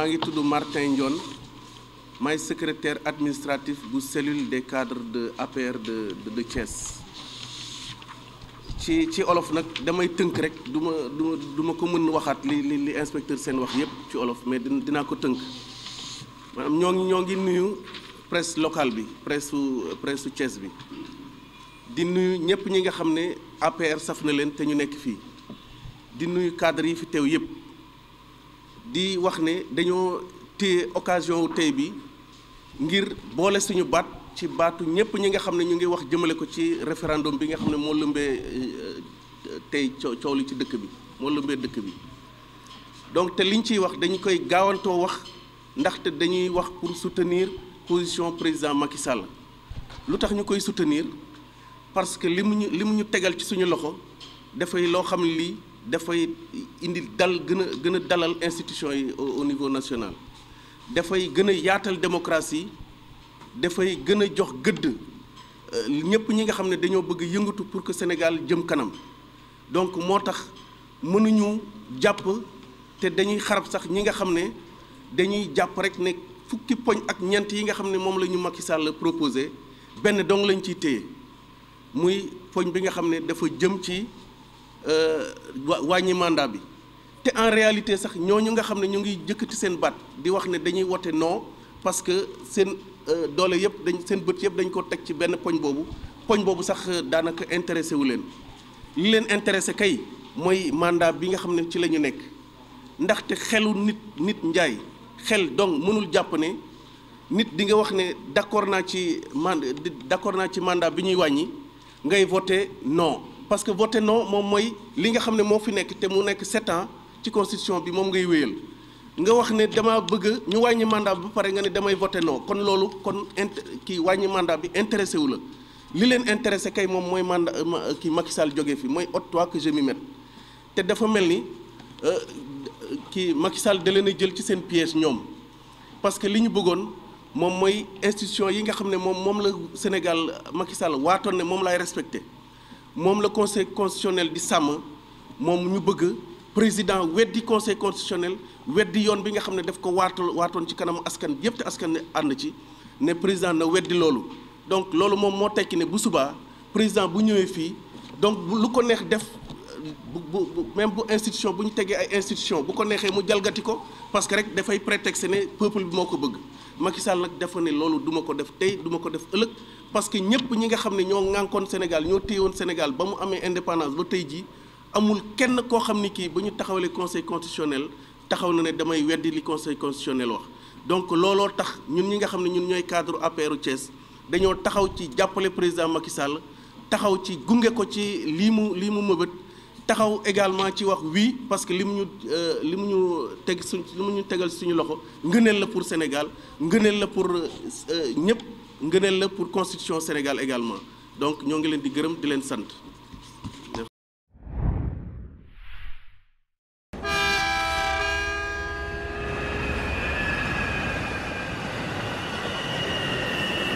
maa ngi tudd Martin Ndione maay secrétaire administratif bu cellule des cadre de APR de de Thiès ci ci olof nag damay tënk rek du ma du ma ko mën waxaat li li li seen wax yépp ci olof mais dinaa ko tënk maanaam ñoo ngi ñoo ngi nuyu presse locale bi presse presse su Thiès bi di nuyu ñëpp ñi nga xam ne APR saf na leen te ñu nekk fii di nuyu cadres yi fi teew yépp di wax ne dañoo téye occasion tey bi ngir boole suñu baat ci baatu ñëpp ñi nga xam ne ñu ngi wax jëmale ko ci référendum bi nga xam ne moo lëmbee euh, tey coow lu ci dëkk bi moo lëmbee dëkk bi donc te liñ ciy wax dañu koy gaawantoo wax ndaxte dañuy wax pour soutenir position président Macky Sall lu tax ñu koy soutenir parce que li mu ñu li mu ñu tegal ci suñu loxo dafay loo xam ne lii dafay indi dal gën a gën a dalal institution yi au niveau national dafay gën a yaatal démocratie dafay gën a jox gëdd euh, ñëpp ñi nga xam ne dañoo bëgg yëngatu pour que Sénégal jëm kanam donc moo tax mënuñu jàpp te dañuy xarab sax ñi nga xam ne dañuy jàpp rek ne fukki poñ ak ñent yi nga xam ne moom la ñu Macky Sall proposé benn dong lañ ciy téye muy poñ bi nga xam ne dafa jëm ci. Euh, wàññi mandat bi te en réalité sax ñooñu nga xam ne ñu ngi jëkkati seen baat di wax ne dañuy wote non parce que seen euh, doole yëpp dañ seen bët yëpp dañ ko teg ci benn poñ boobu poñ boobu sax daanaka intéressé wu leen li leen intéressé kay mooy mandat bi nga xam ne ci lañu nekk ndaxte xelu nit nit njaay xel donc mënul jàpp ne nit di nga wax ne d'accord naa ci man d'accord naa ci mandat bi ñuy wàññi ngay voté non parce que voté non moom mooy li nga xam ne moo fi nekk te mu nekk sept ans ci constitution bi moom ngay wéyal nga wax ne dama bëgg ñu wàññi mandat bi ba pare nga ne damay voté non kon loolu kon int kii wàññi mandat bi intéressé wu la li leen intéressé kay moom mooy mandat kii Macky Sall jógee fi mooy haute toi que je m'y te dafa mel ni euh, kii Macky Sall da a jël ci seen piège ñoom parce que li ñu bëggoon moom mooy institution yi nga xam ne moom moom la Sénégal Macky waatoon ne moom laay respecté moom la conseil constitutionnel di sàmm moom ñu bëgg président weddi conseil constitutionnel weddi yoon bi nga xam ne daf ko waatal waatoon ci kanamu askan yëpp te askan ànd ci ne président na weddi loolu donc loolu moom moo tekki ne bu subaa président bu ñëwee fii donc lu ko neex def bu bu même bu institution bu ñu tegee ay institution bu ko neexee mu jalgati ko parce que rek dafay prétexte ne peuple bi moo ko bëgg Macky Sall nag dafa ne loolu duma ko def tey duma ko def ëllëg parce que ñëpp ñi nga xam ne ñoo ŋànkoon Sénégal ñoo woon Sénégal ba mu amee indépendance ba tey jii amul kenn koo xam ni kii ba ñu taxawalee conseil constitutionnel taxaw na ne damay weddi li conseil constitutionnel wax donc looloo tax ñun ñi nga xam ne ñun ñooy cadre APR Thiès dañoo taxaw ci jàppale président Macky Sall taxaw ci gunge ko ci lii mu lii mu mëbët taxaw également ci wax wii parce que li mu ñu euh, li mu ñu teg suñ li mu ñu tegal suñu loxo ngëneel la pour Sénégal ngëneel la pour euh, ñëpp. ngëneel la pour constitution Sénégal également donc ñoo ngi leen di gërëm di leen sant